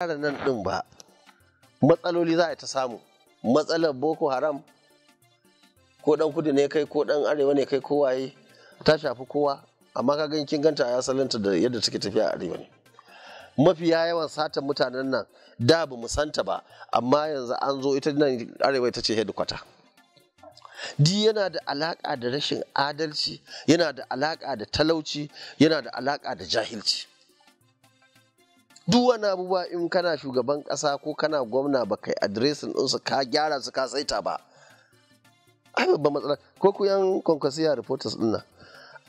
gyara nan ɗin ba matsaloli za a ta samu matsalar boko haram ko ɗan kudu ne kai ko ɗan arewa ne kai yi ta shafi kowa amma ka gani kin ganta ya salanta da yadda take tafiya a arewa ne mafiya yawan satan mutanen nan da ba mu santa ba amma yanzu an zo ita nan arewa ita ce headquarter di yana da alaka da rashin adalci yana da alaka da talauci yana da alaka da jahilci duk wani abubuwa in kana shugaban kasa ko kana gwamna ba kai adresin ɗinsu ka gyara su ka saita ba ai babban matsala ko ku yan kwankwasiya reporters ɗin nan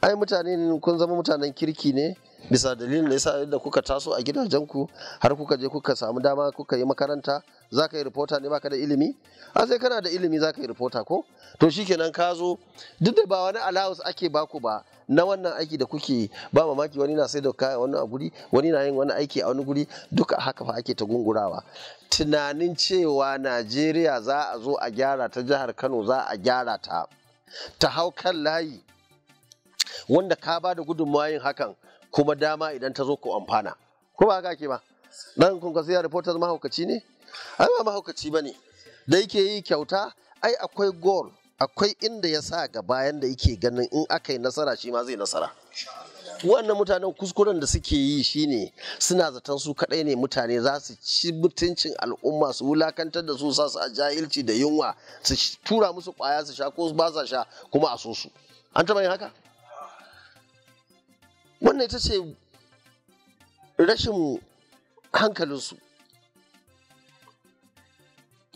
ai mutane kun zama mutanen kirki ne bisa dalilin da yasa da kuka taso a gidajen ku har kuka je kuka samu dama kuka yi makaranta za ka yi ripota ne baka da ilimi a sai kana da ilimi za ka yi ripota ko to shikenan ka zo duk da ba wani allowance ake baku ba na wannan aiki da kuke ba mamaki wani na sai da kaya wani a guri wani na yin wani aiki a wani guri duka haka fa ake ta gungurawa tunanin cewa najeriya za a zo a gyara ta jihar kano za a gyara ta ta hau kan layi wanda ka ba da gudunmawa yin hakan kuma dama idan ta zo ku amfana ko ba ga ke ba Dan kun ka sai reporter mahaukaci ne ai ba mahaukaci ba da yake yi kyauta ai akwai goal akwai inda ya sa ga bayan da yake ganin in aka yi nasara shi ma zai nasara wannan mutanen kuskuren da suke yi shine suna zaton su kadai ne mutane za su ci mutuncin al'umma su wulakantar da su sa su a jahilci da yunwa su tura musu kwaya su sha ko ba sa sha kuma a so su an taba yin haka wannan ita ce rashin hankalinsu